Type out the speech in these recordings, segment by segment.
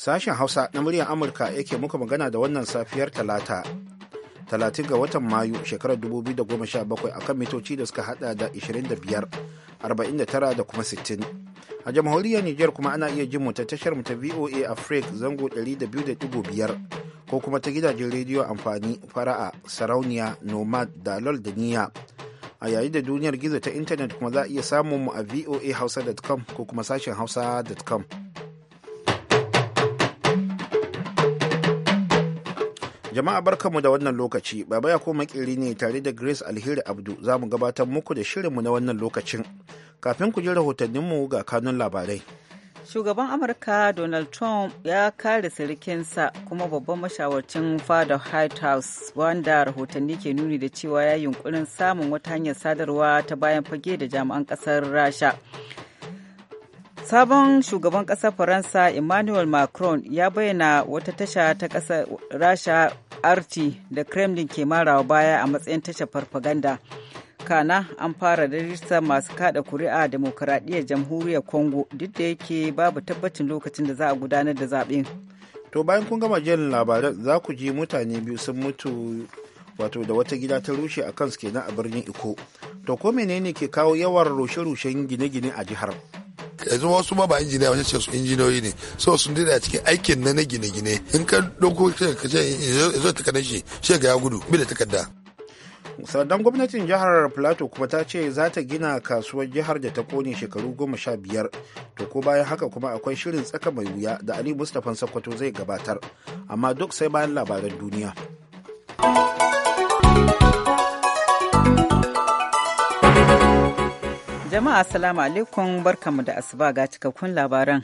Sashen Hausa na muryar Amurka yake muka magana da wannan safiyar Talata. Talatin ga watan Mayu shekarar 2017 akan mitoci da suka hada da 25, 49 da kuma 60. A jamhuriyar Nijar kuma ana iya jin mu ta tashar mu ta VOA Africa zango 200.5 ko kuma ta gidajen rediyo amfani fara'a sarauniya nomad da dalol da niyya. a yayin da duniyar gizo ta intanet kuma za a iya samun mu a VOA hausa.com ko kuma sashen hausa.com. Jama'a barkanmu da wannan lokaci, Baba ya koma makiri ne tare da Grace Alheri Abdu za mu gabatar muku da shirinmu na wannan lokacin. Kafin ku ji rahotanninmu ga kanun labarai. Shugaban Amurka Donald Trump ya kare sirikinsa kuma babban mashawarcin fada White House wanda rahotanni ke nuni da cewa ya yi yunkurin samun wata hanyar sadarwa ta bayan fage da jami'an ƙasar Rasha. sabon shugaban ƙasar faransa emmanuel macron ya bayyana wata tasha ta ƙasar rasha arti da kremlin ke marawa baya a matsayin tashar farfaganda kana an fara rajista masu kada kuri'a demokaradiyyar jamhuriyar congo duk da yake babu tabbacin lokacin da za a gudanar da zaɓen to bayan kun gama jan labaran za ku ji mutane biyu sun mutu wato da wata gida ta rushe a kansu kenan a birnin iko to ko menene ke kawo yawan rushe-rushen gine-gine a jihar yanzu wasu ma ba injiniya wace ce su injiniyoyi ne so sun dina cikin aikin na na gine-gine in ka ɗauko ka ce ta shi shi ga ya gudu bi da takarda sanadan gwamnatin jihar plateau kuma ta ce za ta gina kasuwar jihar da ta kone shekaru goma sha biyar to ko bayan haka kuma akwai shirin tsaka mai wuya da ali mustapha sakwato zai gabatar amma duk sai bayan labaran duniya Jama'a Assalamu alaikum barkamu da asuba ga cikakkun labaran.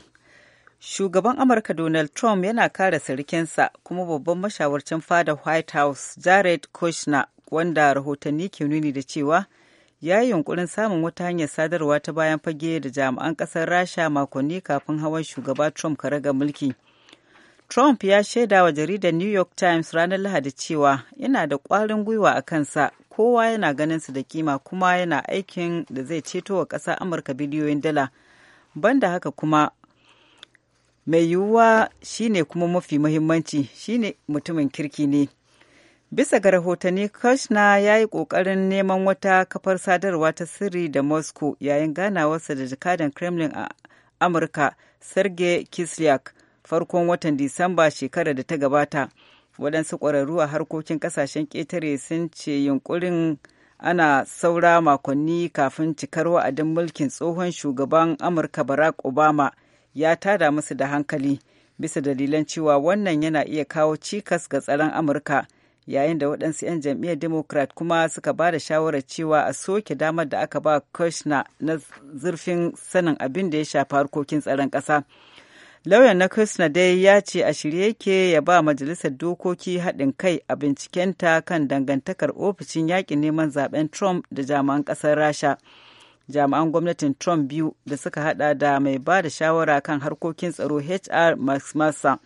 Shugaban Amurka Donald Trump yana kare sirikinsa kuma babban mashawarcin fada White House Jared Kushner wanda rahotanni ke nuni da cewa ya yi yunkurin samun wata hanyar sadarwa ta bayan fage da jami'an ƙasar Rasha makonni kafin hawan shugaba Trump ka raga mulki. Trump ya shaida wa jaridar New York Times ranar Lahadi cewa yana da ƙwarin gwiwa a kansa, kowa yana ganin su da kima kuma yana aikin da zai ceto wa ƙasa Amurka biliyoyin dala. Banda haka kuma mai yiwuwa shine kuma mafi muhimmanci shine mutumin kirki ne. Bisa ga rahotanni, Kushner ya yi ƙoƙarin neman wata kafar sadarwa ta sirri da Moscow yayin ganawarsa da jakadan Kremlin a Amurka, Sergei Kislyak. farkon watan Disamba shekarar da ta gabata. Waɗansu ƙwararru a harkokin ƙasashen ƙetare sun ce yunƙurin ana saura makonni kafin cikar wa'adin mulkin tsohon shugaban Amurka Barack Obama ya tada musu da hankali bisa dalilan cewa wannan yana iya kawo cikas ga tsaron Amurka. yayin da waɗansu 'yan jam'iyyar democrat kuma suka ba da shawarar cewa a soke damar da aka ba kushner na zurfin sanin abin da ya shafi harkokin tsaron ƙasa lauyan na krishna dai ya ce a shirye yake ya ba majalisar dokoki haɗin kai a bincikenta kan dangantakar ofishin yaƙin neman zaben trump da jami'an ƙasar rasha jami'an gwamnatin trump biyu da suka hada da mai ba da shawara kan harkokin tsaro hr max massa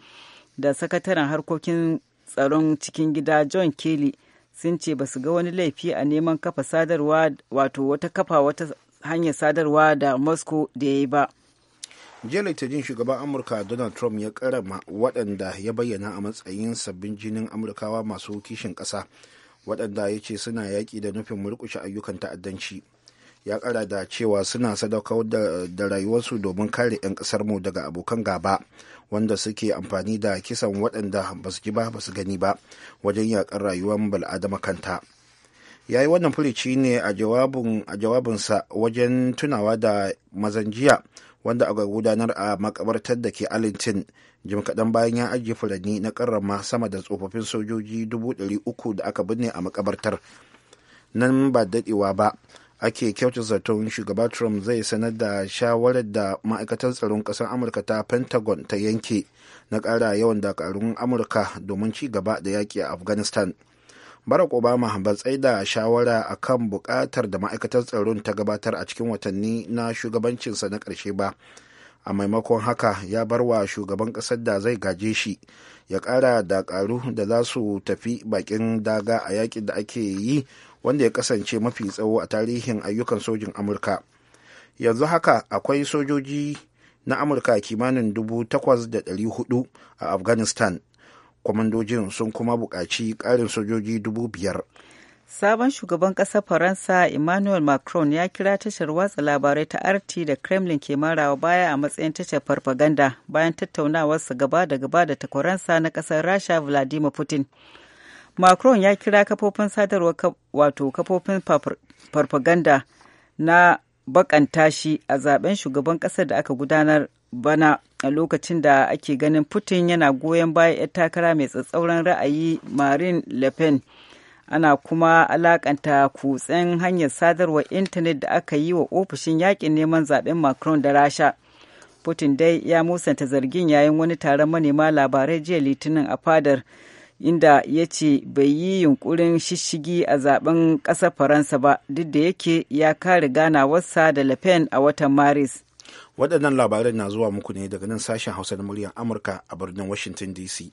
da sakataren harkokin tsaron cikin gida john kelly sun ce ba su ga wani laifi a neman kafa sadarwa wato wata kafa wata hanyar sadarwa da moscow da ya yi ba jiya litinin shugaban amurka donald trump ya karama waɗanda ya bayyana a matsayin sabbin jinin amurkawa masu kishin ƙasa waɗanda ya ce suna yaƙi da nufin murƙushe ayyukan ta'addanci ya ƙara da cewa suna sadaukar da rayuwarsu domin kare 'yan mu daga abokan gaba wanda suke amfani da kisan waɗanda ba su ji ba ba su gani ba wajen yaƙar rayuwar bal'adama kanta ya yi wannan furici ne a jawabinsa wajen tunawa da mazan jiya wanda aka gudanar a makabartar da ke alintin jim kaɗan bayan ya ajiye furanni na karrama sama da tsofaffin sojoji dubu uku da aka binne a makabartar nan ba daɗewa ba ake kyautar zaton shugaba trump zai sanar da shawarar da ma'aikatar tsaron ƙasar amurka ta pentagon ta yanke na ƙara yawan dakarun amurka domin ci gaba da yaƙi a afghanistan barack obama ba tsai da shawara a kan buƙatar da ma'aikatar tsaron ta gabatar a cikin watanni na shugabancinsa na ƙarshe ba a maimakon haka ya bar wa shugaban ƙasar da zai gaje shi ya ƙara da ƙaru da za su tafi bakin daga a yaƙin da ake yi wanda ya kasance mafi tsawo a tarihin ayyukan sojin amurka yanzu haka akwai sojoji na amurka kimanin dubu takwas da ɗari hudu a afghanistan kwamandojin sun kuma buƙaci ƙarin sojoji dubu biyar sabon shugaban ƙasar faransa emmanuel macron ya kira tashar watsa labarai ta rt da kremlin ke marawa baya a matsayin tashar farfaganda bayan tattaunawarsa gaba da gaba da takwaransa na ƙasar rasha vladimir putin macron ya kira kafofin sadarwa wato kafofin farfaganda na bakanta shi a zaben shugaban ƙasar da aka gudanar bana a lokacin da ake ganin putin yana goyon baya 'yar takara mai tsatsauran ra'ayi marine le pen ana kuma alakanta kutsen hanyar sadarwar intanet da aka yi wa ofishin yakin neman zaben macron da rasha putin dai ya musanta zargin yayin wani taron manema labarai jiya litinin a fadar inda ya ce bai yi yunkurin shishigi a zaben ƙasar faransa ba duk da yake ya kare ganawarsa da le pen a watan maris waɗannan labaran na zuwa muku ne daga nan sashen hausa na muryar amurka a birnin washington dc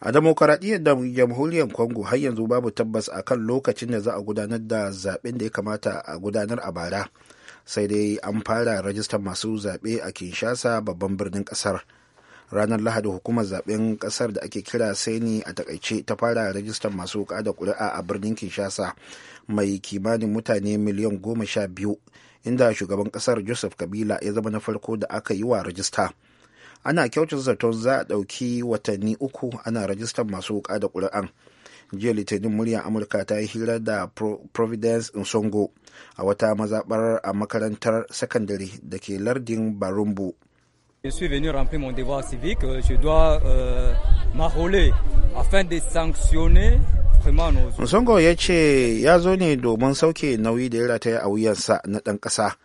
a demokaradiyyar da jamhuriyar congo har yanzu babu tabbas a kan lokacin da za a gudanar da zaɓen da ya kamata a gudanar a bara sai dai an fara rajistar masu zaɓe a kinshasa babban birnin ƙasar ranar lahadi hukumar zaben kasar da ake kira saini a takaice ta fara rajistar masu wuka da kuri'a a birnin kinshasa mai kimanin mutane miliyan goma sha biyu inda shugaban kasar joseph kabila ya zama na farko da aka yi wa rajista ana kyautar zaton za a ɗauki watanni uku ana rajistar masu wuka da kuri'an jiya litinin muryar amurka ta yi hira da providence nsongo a wata mazaɓar a makarantar sakandare da ke lardin barumbu Je suis venu remplir mon devoir civique. Euh, je dois euh, m'arroler afin de sanctionner Nsongo ya ce ya zo ne domin sauke nauyi da ya rataya a wuyansa na ɗan ƙasa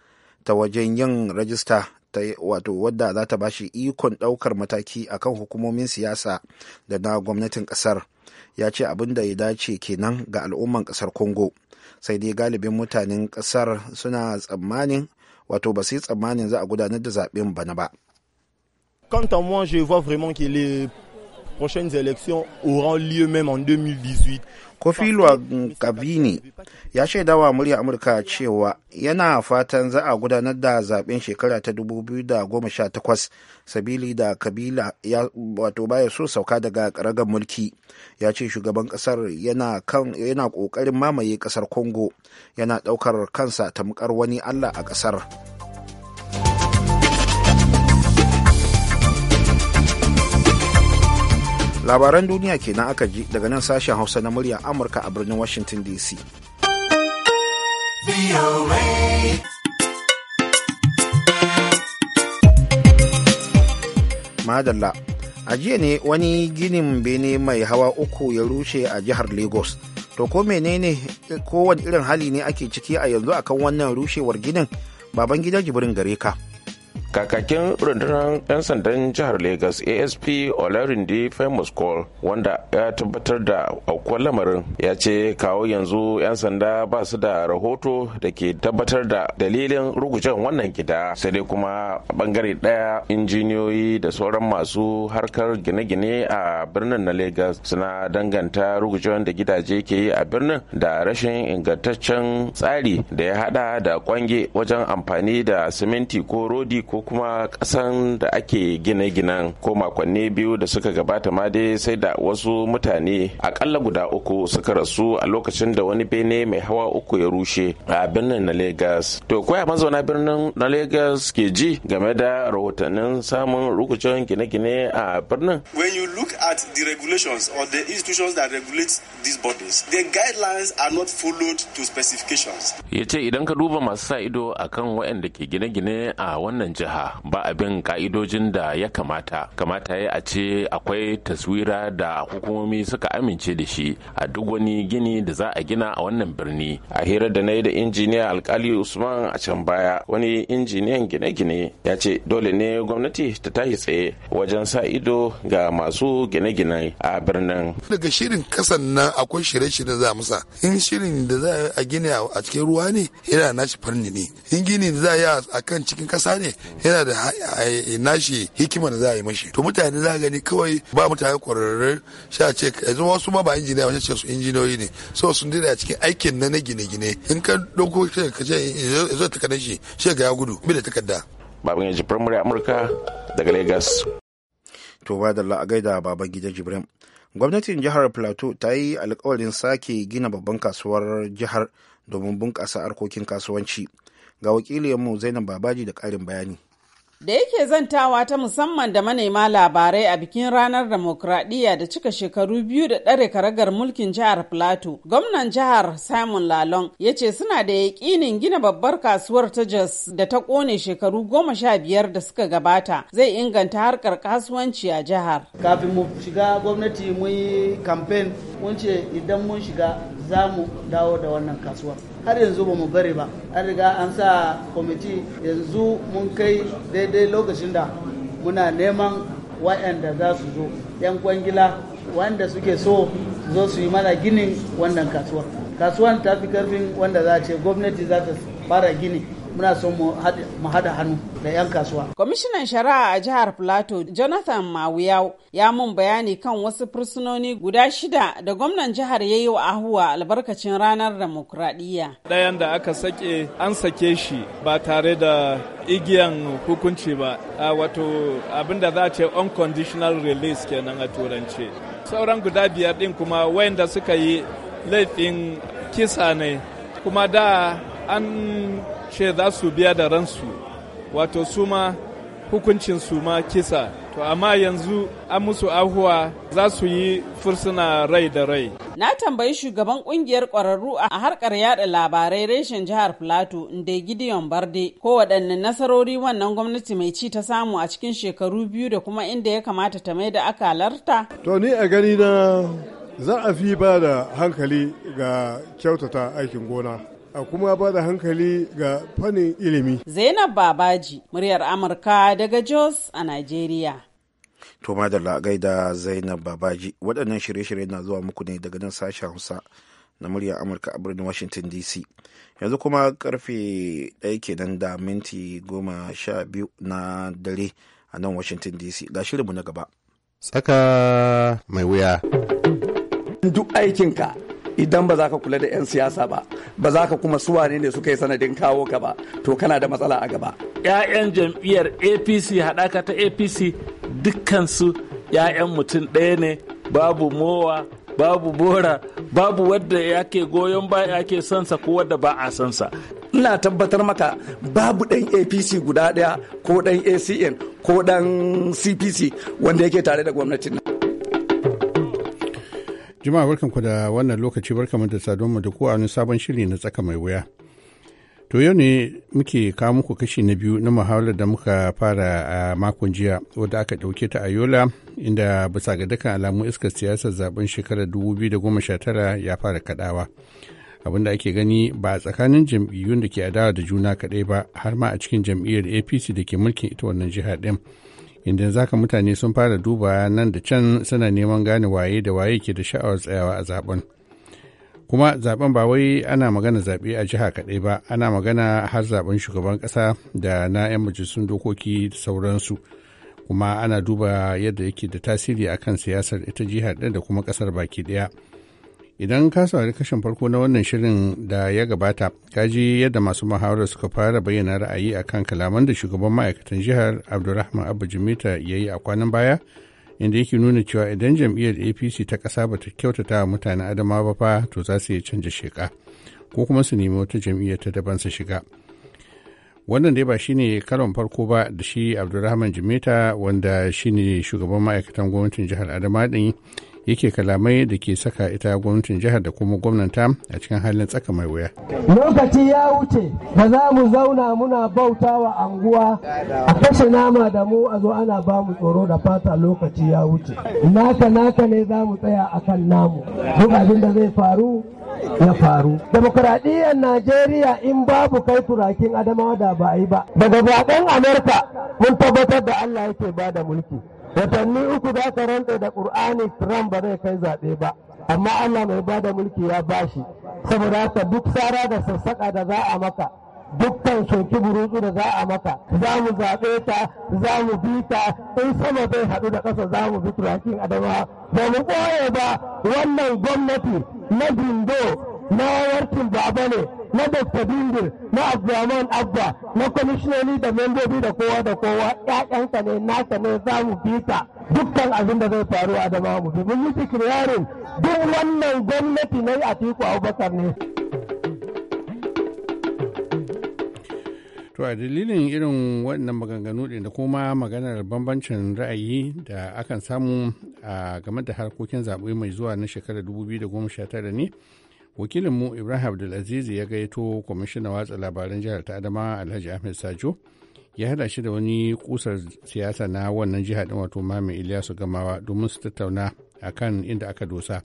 ta wajen yin rajista ta wato wadda za ta bashi ikon ɗaukar mataki a kan hukumomin siyasa da na gwamnatin ƙasar ya ce abin da ya dace kenan ga al'umman ƙasar congo sai dai galibin mutanen ƙasar suna tsammanin wato ba su yi tsammanin za a gudanar da zaɓen bana ba. Quant à moi, je vois vraiment que les prochaines élections auront lieu même en 2018. Kofi Luwagabini ya shaidawa murya Amurka cewa yana fatan za a gudanar da zaben shekara ta 2018 sabili da kabila ya wato baya so sauka daga karagar mulki ya ce shugaban kasar yana kan yana kokarin mamaye kasar Congo yana daukar kansa tamkar wani Allah a kasar. labaran duniya kenan aka ji daga nan sashen hausa na murya amurka a birnin washington dc madalla a jiya ne wani ginin bene mai hawa uku ya rushe a jihar lagos to ko menene kowane irin hali ne ake ciki a yanzu akan wannan rushewar ginin baban gida jibrin gare ka kakakin rundunar 'yan sandan jihar Legas, asp olarinde famous call wanda ya tabbatar da aukuwar lamarin ya ce kawo yanzu 'yan sanda ba su da rahoto da ke tabbatar da dalilin rugujen wannan gida sai dai kuma bangare daya injiniyoyi da sauran masu harkar gine-gine a birnin na Legas. suna danganta rugujen da gidaje ke yi a birnin da rashin ingantaccen tsari da ya hada da kwange wajen amfani da siminti ko rodi ko kuma kasan da ake gine-ginen ko makonni biyu da suka gabata ma dai sai da wasu mutane akalla guda uku suka rasu a lokacin da wani bene mai hawa uku ya rushe a birnin na Legas. To koya mazauna birnin na Legas ke ji game da rahotannin samun rukucin gine-gine a birnin? When you look at the regulations or the institutions that regulate these bodies, the guidelines are not followed to specifications. Ya ce idan ka duba masu sa ido akan waɗanda ke gine-gine a wannan jihar fasaha ba abin ka'idojin da ya kamata kamata ya a ce akwai taswira da hukumomi suka amince da shi a duk wani gini da za a gina a wannan birni a hira da na yi da injiniya alkali usman a can baya wani injiniyan gine-gine ya ce dole ne gwamnati ta tashi tsaye wajen sa ido ga masu gine-gine a birnin daga shirin kasan nan akwai shirye-shirye za musa in shirin da za a gina a cikin ruwa ne yana nashi farni ne in gini da za a yi a kan cikin kasa ne yana da nashi hikima da za a yi mashi to mutane za gani kawai ba mutane kwararru sha ce yanzu wasu ma ba injiniya wani ce su injiniyoyi ne so sun dina a cikin aikin na na gine-gine in ka ɗauko shi ka ce yanzu eh, takardar shi shi ga ya gudu bi da takarda. Baban Yaji Firamare Amurka daga Lagos. To ba da a gaida baban gida Jibrin. Gwamnatin jihar Plateau ta yi alkawarin sake gina babban kasuwar jihar domin bunƙasa harkokin kasuwanci. Ga wakilinmu Zainab Babaji da ƙarin bayani. da yake zantawa ta musamman da manema labarai a bikin ranar demokradiyya da cika shekaru biyu da ɗare karagar mulkin jihar plato gwamnan jihar simon lalong ya ce suna da yaƙinin gina babbar kasuwar ta jos da ta kone shekaru goma sha biyar da suka gabata zai inganta harkar kasuwanci a jihar kafin mu shiga gwamnati mun yi kamfen mun ce idan mun shiga za mu dawo da wannan kasuwar har yanzu ba mu bari ba an riga an sa kwamiti yanzu mun kai daidai lokacin da muna neman wa'anda za su zo yan kwangila wanda suke so zo su yi mana ginin wannan kasuwar kasuwar ta fi karfin wanda za a ce gwamnati za ta fara gini muna so mu hada hannu da 'yan kasuwa. Kwamishinan shari'a a jihar Plateau Jonathan Mawuyau ya mun bayani kan wasu fursunoni guda shida da gwamnan jihar ya yi wa ahuwa albarkacin ranar demokuraɗiyya. Ɗayan da aka sake an sake shi ba tare da igiyan hukunci ba wato abin da za a ce unconditional release kenan a turance. Sauran guda biyar ɗin kuma wayanda suka yi laifin kisa ne kuma da an ce za su biya da ransu wato su ma hukuncin su ma kisa to amma yanzu an musu ahuwa za su yi fursuna rai da rai na tambayi shugaban kungiyar kwararru a harkar yada labarai reshen jihar plateau inda gideon barde ko waɗanne nasarori wannan gwamnati mai ci ta samu a cikin shekaru biyu da kuma inda ya kamata ta mai da akalarta to ni a gani na za a fi ba da hankali ga kyautata aikin gona a kuma ba da hankali ga fannin ilimi. Zainab Babaji, muryar Amurka daga Jos a Najeriya. To madalla gaida Zainab Babaji, waɗannan shirye shiryen na zuwa muku ne daga nan sashen Hausa na muryar Amurka a birnin Washington DC. Yanzu kuma karfe ɗaya kenan da minti goma sha biyu na dare a nan Washington DC. Ga shirinmu na gaba. Tsaka mai wuya. Duk aikinka idan ba za ka kula da 'yan siyasa ba ba za ka kuma suwane ne suka yi sanadin kawo ka ba to kana da matsala a gaba 'ya'yan jam'iyyar apc haɗaka ta apc dukkansu 'ya'yan mutum ɗaya ne babu mowa babu bora babu wadda ke goyon ba yake sansa ko wadda ba a sansa ina tabbatar maka babu ɗan apc guda ɗaya ko ɗan acn ko ɗan cpc wanda yake tare da gwamnatin nan jima'a barkanku da wannan lokaci barkanmu da sadon mu da ku a wani sabon shiri na tsaka mai wuya. To yau ne muke kawo muku kashi na biyu na muhawarar da muka fara a makon jiya wadda aka ɗauke ta a Yola inda bisa ga dukkan alamu iskar siyasar zaben shekarar tara ya fara kaɗawa kadawa. da ake gani ba a tsakanin jam'iyyun da ke adawa da juna kaɗai ba har ma a cikin jam'iyyar apc da ke mulkin ita wannan jiha ɗin inda zaka mutane sun fara duba nan da can suna neman gane waye da waye ke da sha'awar tsayawa a zaben kuma zaben ba wai ana magana zaɓe a jiha kaɗai ba ana magana har zaben shugaban ƙasa da na 'yan majalisun dokoki da sauransu kuma ana duba yadda yake da tasiri akan siyasar ita jihar ɗin da kuma ƙasar baki ɗaya idan ka saurari kashin farko na wannan shirin da ya gabata ka ji yadda masu muhawarar suka fara bayyana ra'ayi a kan kalaman da shugaban ma'aikatan jihar abdulrahman abu jimita ya yi a kwanan baya inda yake nuna cewa idan jam'iyyar apc ta ƙasa ba ta kyautata wa mutanen adamawa fa to za su iya canja sheka ko kuma su nemi wata jam'iyyar ta daban su shiga wannan dai ba shine karon farko ba da shi abdulrahman jimita wanda shine shugaban ma'aikatan gwamnatin jihar adama din yake kalamai da ke saka ita gwamnatin jihar da kuma gwamnata a cikin halin tsaka mai wuya. Lokaci ya wuce ba za mu zauna muna bauta wa anguwa a kashe nama da mu a zo ana ba mu tsoro da fata lokaci ya wuce. Naka naka ne za mu tsaya a kan namu. Duk abin da zai faru ya faru. Demokuraɗiyyar Najeriya in babu kai turakin Adamawa da ba a yi ba. Daga zaɓen Amurka mun tabbatar da Allah yake ba da mulki. watanni uku za ka rantse da ƙur'ani Trump ba zai kai zaɓe ba amma Allah mai bada mulki ya bashi saboda haka duk sara da sassaƙa da za a maka dukkan soki burutsu da za a maka za mu zaɓe ta za mu bi ta in sama zai haɗu da ƙasa za mu bi turakin adama ba mu ɓoye ba wannan gwamnati na bindo na warkin baba ne na Dr. Bindir, na Abdulrahman Abba, na kwamishinoni da membobi da kowa da kowa, ‘ya'yansa ne, nasa ne za mu bita dukkan abin da zai faru a dama mu domin Mun yi duk wannan gwamnati na a tiku Abubakar ne. To a dalilin irin waɗannan maganganu ɗin da kuma maganar bambancin ra'ayi da akan samu a game da harkokin zaɓe mai zuwa na shekarar 2019 ne, wakilinmu ibrahim abdulaziz ya gaito kwamishinan watsa labaran jihar ta adama alhaji ahmed sajo ya hada shi da wani kusar siyasa na wannan jihar din wato mami iliyasu gamawa domin su tattauna a kan inda aka dosa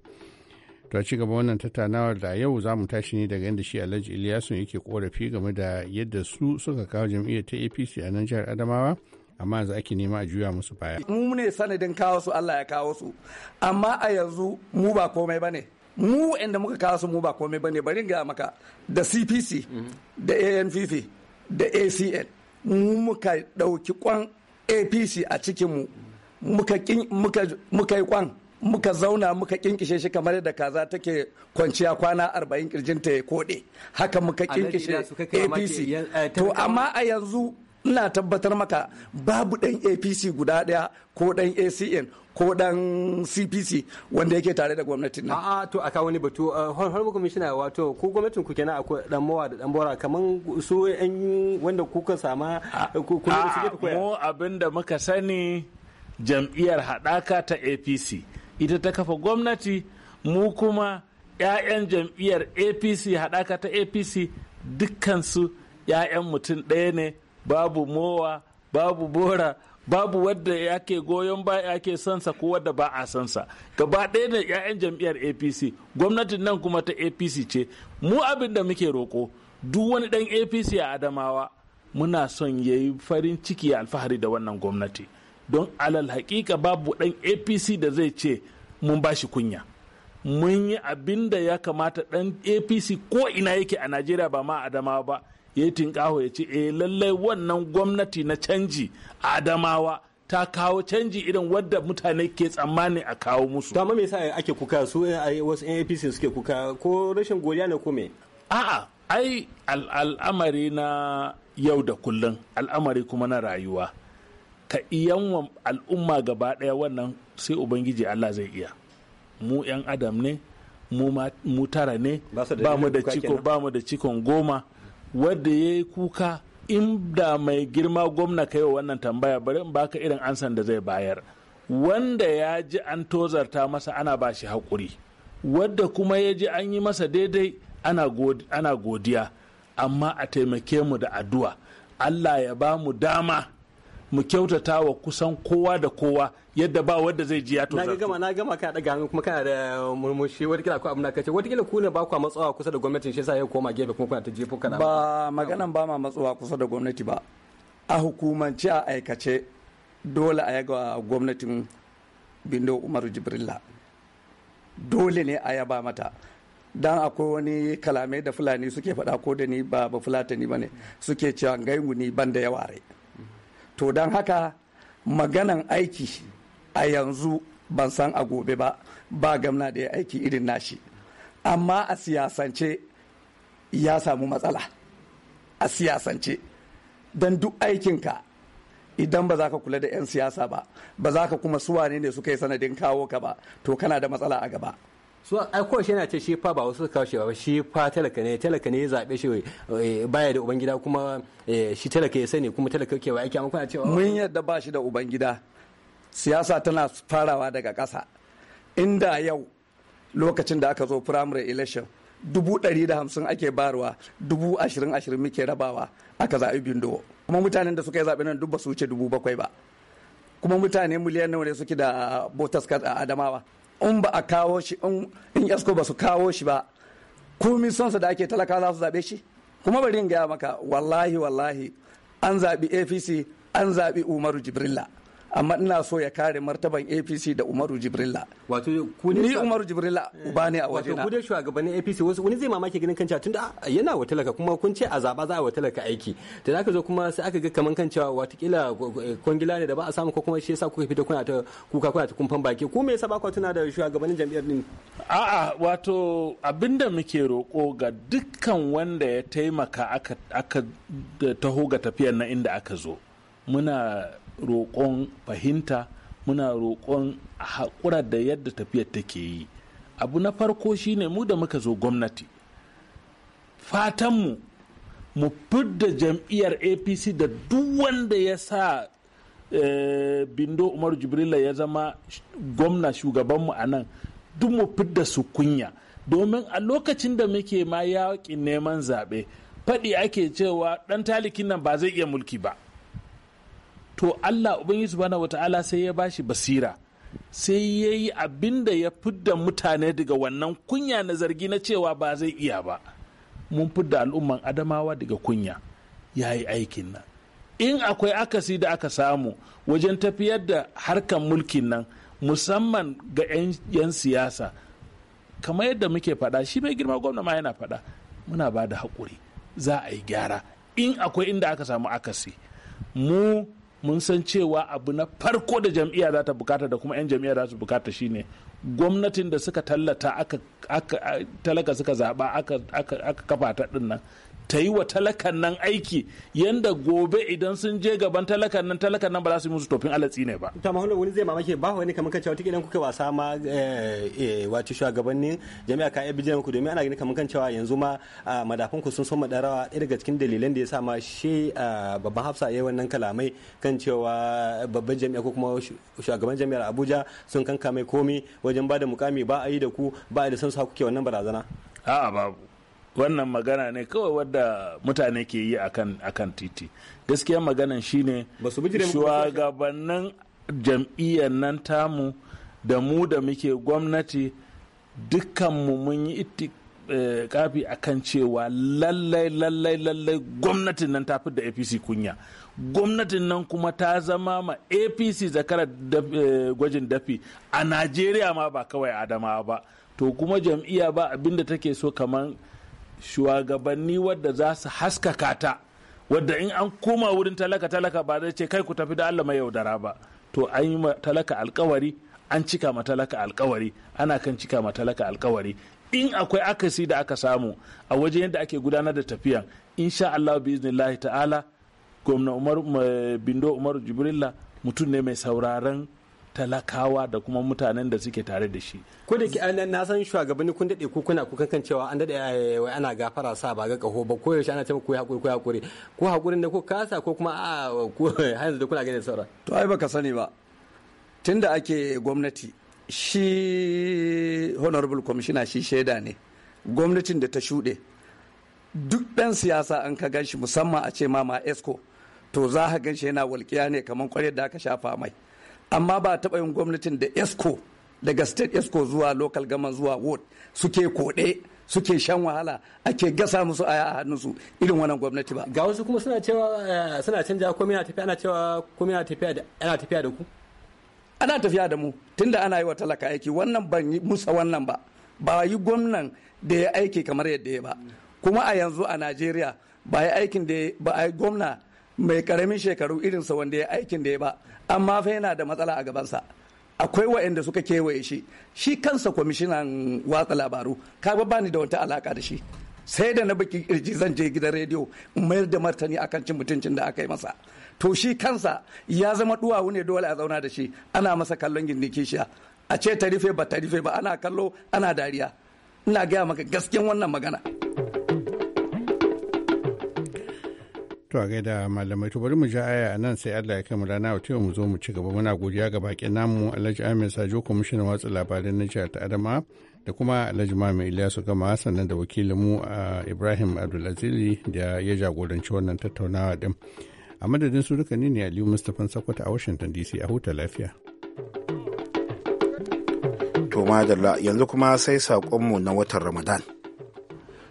to a cigaba wannan tattaunawar da yau za mu tashi ne daga inda shi alhaji ilyasu yake korafi game da yadda su suka kawo jam'iyyar ta apc a nan jihar adamawa amma yanzu ake nema a juya musu baya mu ne sanadin kawo su allah ya kawo su amma a yanzu mu ba komai ba ne mu inda muka kawo mu ba komai bane bari ga maka da CPC da ANPP da ACN mu muka dauki kwan APC a cikin mu muka muka yi kwan muka zauna muka kinkishe shi kamar yadda kaza take kwanciya kwana arba'in kirjin ya koɗe haka muka kinkishe apc eh, to amma a yanzu ina tabbatar maka babu ɗan apc guda ɗaya ko ɗan acn ko dan cpc wanda yake tare da gwamnatin nan a'a to aka wani batu har commissioner wato ko gwamnatin ku kenan akwai dan mawa da dan bora kaman su yan wanda kuka sama ku ku su ke koya mu abinda muka sani jam'iyyar hadaka ta apc ita ta kafa gwamnati mu kuma ƴaƴan jam'iyyar apc hadaka ta apc dukkansu ƴaƴan mutum ɗaya ne babu mowa babu bora babu wadda yake goyon ba ake sansa ko wadda ba a sansa gaba ɗaya ne 'ya'yan jam'iyyar apc gwamnatin nan kuma ta apc ce mu abin da muke roko duk wani ɗan apc a adamawa muna son ya yi farin ciki ya alfahari da wannan gwamnati don alal haƙiƙa babu ɗan apc da zai ce mun ba shi kunya mun yi abin da ya kamata ɗan apc ko ina yake a najeriya ba ma adamawa ba ya yi tinkaho ya ce eh lallai wannan gwamnati na canji adamawa ta kawo canji irin wadda mutane ke tsammani a kawo musu. ta me sa ake kuka su eh, wasu NAPC suke kuka ko rashin goriya ne ko me? A'a, ai al'amari na yau da kullum, al'amari kuma na rayuwa. Ka iyan al'umma gaba daya wannan sai Ubangiji Allah zai iya. Mu 'yan Adam ne, mu tara ne, ba mu da ciko, ba mu da cikon goma. wadda ya yi kuka in da mai girma gwamna ka yi wannan tambaya bari in baka irin ansan da zai bayar wanda ya ji an tozarta masa ana ba shi haƙuri wadda kuma ya ji an yi masa daidai ana godiya amma a taimake mu da addu'a allah ya ba mu dama mu kyautata wa kusan kowa da kowa yadda ba wanda zai ji ya to na gama na gama ka daga hannu kuma kana da murmushi wata kila ko abin da kace wata kila ku ne ba ku matsawa kusa da gwamnatin shi yasa ya koma gefe kuma kuna ta jefo kana ba maganan ba ma matsawa kusa da gwamnati ba a hukumance a aikace dole a yaga gwamnatin bindo Umar jibrilla dole ne a yaba mata dan akwai wani kalamai da fulani suke faɗa ko da ni ba ba fulatani ba ne suke cewa ngaingu ni ban da yaware to don haka maganan aiki a yanzu ban san a gobe ba ba gamna da ya aiki irin nashi amma a siyasance ya samu matsala a siyasance don duk aikinka idan ba za ka kula da 'yan siyasa ba ba za ka kuma suwane ne suka yi sanadin kawo ka ba to kana da matsala a gaba so a kowa shi yana ce shi fa ba wasu kawo ba shi fa talaka ne talaka ne ya shi eh, baya da ubangida kuma eh, shi talaka ya sani kuma talaka ke wa aiki amma kuna cewa mun yadda ba shi da ubangida siyasa tana farawa daga ƙasa inda yau lokacin da aka zo primary election dubu ɗari da hamsin ake barwa dubu ashirin ashirin muke rabawa aka zaɓi bindo kuma mutanen da suka yi zaɓe nan duk ba su wuce dubu bakwai ba kuma mutane miliyan nawa ne suke da botas a adamawa in ba a kawo shi in yasko ba su kawo shi ba komi sonsa da ake talaka za su zaɓe shi kuma bari in gaya maka wallahi wallahi an zaɓi apc an zaɓi umaru Jibrila. amma ina so ya kare martaban apc da umaru jibrila wato ni umaru jibrila uba ne a waje wato kudin shugabannin apc wasu wani zai mamaki ganin kanci tunda yana wa talaka kuma kun ce a zaba za a wa talaka aiki da zaka zo kuma sai aka ga kaman kan cewa watakila kwangila ne da ba a samu ko kuma shi yasa kuka fita kuna ta kuka kuna ta kumfan baki ko me yasa ba ku tuna da shugabannin jami'ar din a'a wato abinda muke roko ga dukkan wanda ya taimaka aka aka taho ga tafiyar na inda aka zo muna roƙon fahimta muna roƙon haƙura da yadda tafiyar take yi abu na farko shine mu da muka zo gwamnati fatanmu mu fidda jam'iyyar apc da duk wanda ya sa eh, bindo umar jibrila ya zama gwamna shugabanmu a nan duk mu fidda su kunya domin a lokacin da muke ma yaƙin neman zaɓe faɗi ake cewa ɗan talikin nan ba zai iya mulki ba to Allah ubangiji subhanahu wata'ala sai ya bashi basira sai ya yi abin da ya fidda mutane daga wannan kunya na zargi na cewa ba zai iya ba mun fidda al'umman adamawa daga kunya ya yi aikin nan in akwai akasi da aka samu wajen tafiyar da harkan mulkin nan musamman ga 'yan siyasa kamar yadda muke faɗa shi mai girma gwamna ma yana faɗa muna ba da haƙuri za a yi gyara in akwai inda aka samu akasi mu mun san cewa abu na farko da jam'iyya za ta bukata da kuma 'yan jam'iyya za su bukata ne gwamnatin da suka tallata aka talaka suka zaba aka kafa ta ɗinnan. ta yi wa talakan nan aiki yanda gobe idan sun je gaban talakan nan talakan nan ba za su yi musu tofin alatsi ne ba. ta mahalo wani zai mamake ba wani kamar kan cewa idan kuka wasa ma eh, eh, wato shugabannin jami'a ka bijiran ku domin ana gani kamar kan cewa yanzu ma madafun ku sun so madarawa ɗaya daga cikin dalilan da ya sa ma shi babban hafsa ya wannan kalamai kan cewa babban jami'a ko kuma shugaban jami'ar abuja sun kankame komi wajen ba da mukami ba a yi da ku ba a da san su kuke wannan barazana. a'a babu wannan magana ne kawai wadda mutane ke yi akan titi gaskiya maganan shine shugabannin jam'iyyar nan tamu da mu da muke gwamnati dukkanmu mun yi eh, kafi a kan cewa lallai lallai lallai gwamnatin nan ta fi da apc kunya gwamnatin nan kuma ta zama ma apc zakarar eh, gwajin dafi a najeriya ma ba kawai adama ba to kuma jam'iyya ba abinda take so kamar shugabanni wadda za su haskaka ta wadda in an koma wurin talaka talaka ba zai ce kai ku tafi da Allah mai yaudara ba to an yi talaka alkawari an cika ma talaka alkawari ana kan cika ma talaka alkawari in akwai akasi da aka samu a wajen yadda ake gudanar da tafiyan insha Allah biiznillahi ta'ala gwamna Umar eh, Bindo Umar Jibrilla mutum ne mai sauraron talakawa da kuma mutanen da suke tare da shi ko da ke na san shugabanni kun dade ku kuna kukan kan cewa an dade eh, wai ana gafara sa ba ga kaho ba ko yaushe ana cewa ku hakuri ku hakuri ko hakurin da ku kasa ko kuma a ku da kuna ganin saura to ai baka sani ba tunda ake gwamnati shi honorable commissioner shi shaida ne gwamnatin da ta shuɗe duk ɗan siyasa an ka ganshi musamman a ce ma ma esco to za ka shi yana walƙiya ne kamar ƙwarar da aka shafa mai amma ba taɓa yin gwamnatin da esco daga state esco zuwa local gama zuwa ward suke koɗe suke shan wahala ake gasa musu aya a hannunsu irin wannan gwamnati ba ga wasu kuma suna cewa eh, suna canja komai na tafiya ana cewa komai na tafiya da ana tafiya da ku ana tafiya da mu tunda ana yi wa talaka aiki wannan ban yi musa wannan ba ba yi gwamnan da ya aiki kamar yadda ya ba kuma a yanzu a Najeriya ba yi aikin da ba a yi gwamna mai karamin shekaru irin sa wanda ya aikin da ya ba amma fa yana da matsala a gabansa akwai waɗanda suka kewaye shi shi kansa kwamishinan watsa labaru ka ba bani da wata alaka da shi sai da na baki kirji zan je gidan rediyo in mayar da martani akan cin mutuncin da aka yi masa to shi kansa ya zama duwawu ne dole a zauna da shi ana masa kallon gindin kishiya a ce ta rufe ba ta rufe ba ana kallo ana dariya ina gaya maka gasken wannan magana To a gaida malamai to bari mu ja aya a nan sai Allah ya kai mu rana wa mu zo mu ci gaba muna godiya ga bakin namu Alhaji Ahmed Sajo Commissioner watsa labarai na jihar ta Adama da kuma Alhaji Mami Ilyasu Gama sannan da wakilinmu Ibrahim Abdulaziz da ya jagoranci wannan tattaunawa din. A madadin su duka ne Aliyu Mustapha Sakwata a Washington DC a huta lafiya. To madalla yanzu kuma sai sakonmu na watan Ramadan.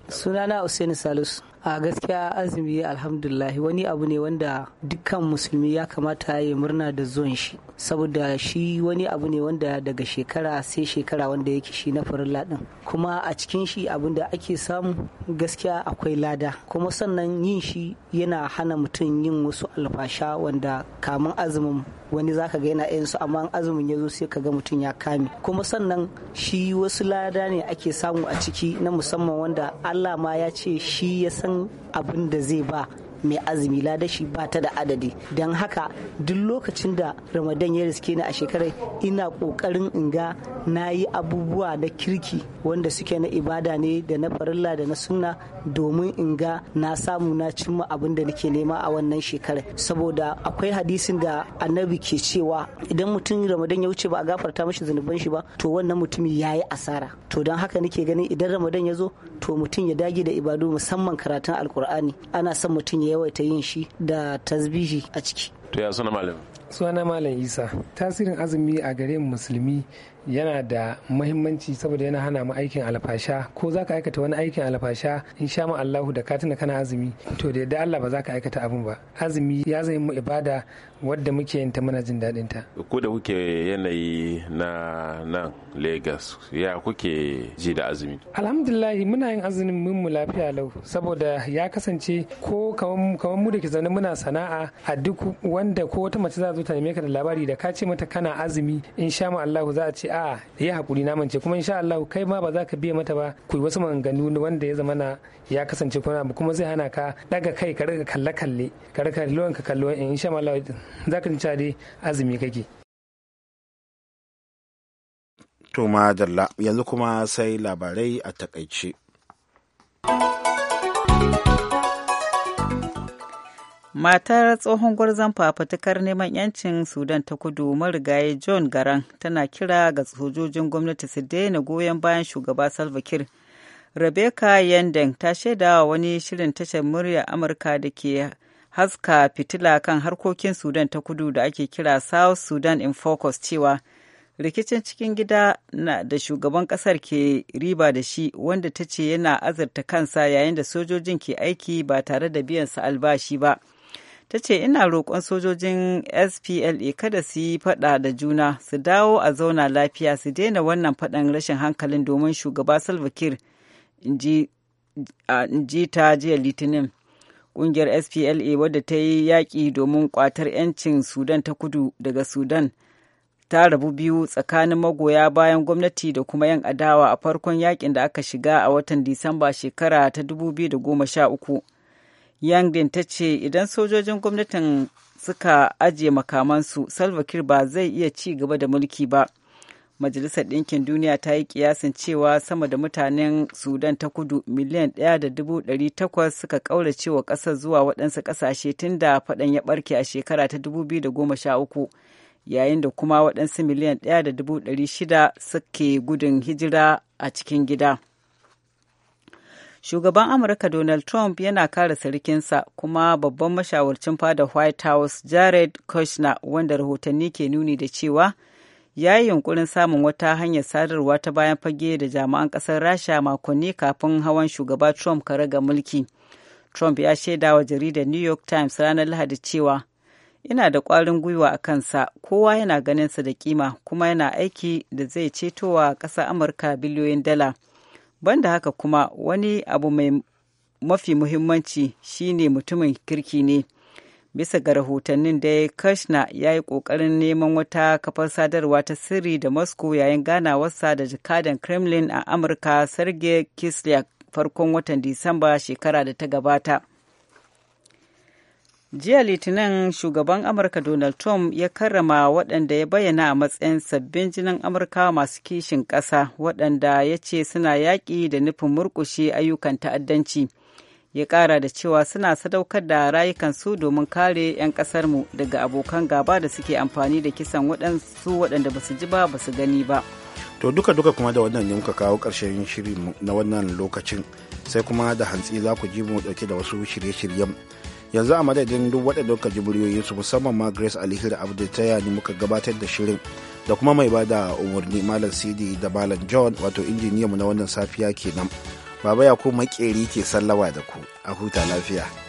Sunana Usaini Salisu. a gaskiya azumi alhamdulillah wani abu ne wanda dukkan musulmi ya kamata ya yi murna da zuwan shi saboda shi wani abu ne wanda daga shekara sai shekara wanda yake shi na farin ladin kuma a cikin shi abin da ake samu gaskiya akwai lada kuma sannan yin shi yana hana mutum yin wasu alfasha wanda kamun azumin wani za ka ga yana yin su amma azumin ya zo sai ka ga mutum ya kame kuma sannan shi wasu lada ne ake samu a ciki na musamman wanda Allah ma ya ce shi ya san abin da zai ba mai azumi ladashi ba ta da adadi don haka duk lokacin da ramadan ya riske ni a shekarai ina kokarin in ga na yi abubuwa na kirki wanda suke na ibada ne da na farilla da na sunna domin in ga na samu na cimma abin da nake nema a wannan shekarar saboda akwai hadisin da annabi ke cewa idan mutum ramadan ya wuce ba a gafarta mashi zunuban shi ba to wannan mutum ya yi asara to don haka nake ganin idan ramadan ya zo to mutum ya dage da ibadu musamman karatun alkur'ani ana son mutum ya yawaita yin shi da tasbihi a ciki to ya suna malam suna malam isa tasirin azumi a gare musulmi yana da muhimmanci saboda yana hana mu aikin alfasha ko za ka aikata wani aikin alfasha in sha Allahu da katina kana azumi to da yadda Allah ba za ka aikata abin ba azumi ya zai mu ibada wadda muke yin ta mana jin daɗin ta ko da kuke yanayi na nan Lagos ya kuke ji da azumi alhamdulillah muna yin azumin mu lafiya lau saboda ya kasance ko kamar mu da ke zaune muna sana'a a duk wanda ko wata mace za zo ta neme ka da labari da ka ce mata kana azumi in sha Allahu za a ce a ya hakuri na mance kuma insha Allah kai ma ba za ka biya mata ba ku wasu maganganu wanda ya zama na ya kasance kuna kuma zai hana ka daga kai ka riga kalle kalle ka riga kallon ka in insha Allah za ka ci dai azumi kake to madalla yanzu kuma sai labarai a takaice matar tsohon gwarzon fafutukar neman yancin sudan ta kudu marigayi john garan tana kira ga sojojin gwamnati su daina goyon bayan shugaba salva kiir rebecca yanden ta shaida wani shirin tashar murya amurka da ke haska fitila kan harkokin sudan ta kudu da ake kira south sudan in focus cewa rikicin cikin gida na da shugaban kasar ke riba da shi wanda ta ce yana azurta kansa yayin da sojojin ke aiki ba tare da biyan su albashi ba. ta ce ina roƙon sojojin spla e kada su yi faɗa da juna su dawo a zauna lafiya su daina wannan faɗan rashin hankalin domin shugaba salva kiir in ji ta jiya litinin ƙungiyar spla e wadda ta yi yaƙi domin kwatar 'yancin sudan ta kudu daga sudan ta rabu biyu tsakanin magoya bayan gwamnati da kuma 'yan adawa a farkon yakin da aka shiga a watan disamba shekara ta 2013 Yang ta ce idan sojojin gwamnatin suka ajiye makamansu Salva Kiir ba zai iya ci gaba da mulki ba. Majalisar Ɗinkin Duniya ta yi kiyasin cewa sama da mutanen Sudan ta kudu miliyan ɗaya da dubu ɗari takwas suka ƙaura cewa ƙasar zuwa waɗansu ƙasashe tun da faɗan ya ɓarke a shekara ta dubu biyu da goma sha uku yayin da kuma waɗansu miliyan ɗaya da dubu ɗari shida suke gudun hijira a cikin gida. shugaban amurka donald trump yana kare sarkinsa kuma babban mashawarcin fada white house jared kushner wanda rahotanni ke nuni da cewa ya yi yunkurin samun wata hanyar sadarwa ta bayan fage da jami'an ƙasar rasha makonni kafin hawan shugaba trump ka raga mulki trump ya shaida wa jaridar new york times ranar lahadi cewa ina da ƙwarin gwiwa a kansa kowa yana ganinsa da kima kuma yana aiki da zai cetowa ƙasar amurka biliyoyin dala banda haka kuma wani abu mai mafi muhimmanci shine mutumin kirki ne bisa ga rahotannin da kashna ya yi kokarin neman wata kafar sadarwa ta sirri da moscow yayin ganawarsa da jakadan kremlin a amurka sergei kislyak farkon watan disamba shekara da ta gabata jiya litinin shugaban amurka donald trump ya karrama waɗanda ya bayyana a matsayin sabbin jinin amurka masu kishin ƙasa waɗanda ya ce suna yaƙi da nufin murƙushe ayyukan ta'addanci ya ƙara da cewa suna sadaukar da rayukansu domin kare 'yan ƙasarmu daga abokan gaba da suke amfani da kisan waɗansu waɗanda ba su ji ba ba su gani ba to duka duka kuma da wannan ne muka kawo ƙarshen shirin na wannan lokacin sai kuma da hantsi za ku ji mu ɗauke da wasu shirye-shiryen yanzu a madadin duk waɗanda ka ji su musamman ma grace alihir abdu ta yani muka gabatar da shirin da kuma mai ba da umarni malam cd da malam john wato injiniyanmu na wannan safiya kenan baba ya ku makeri ke sallawa da ku a huta lafiya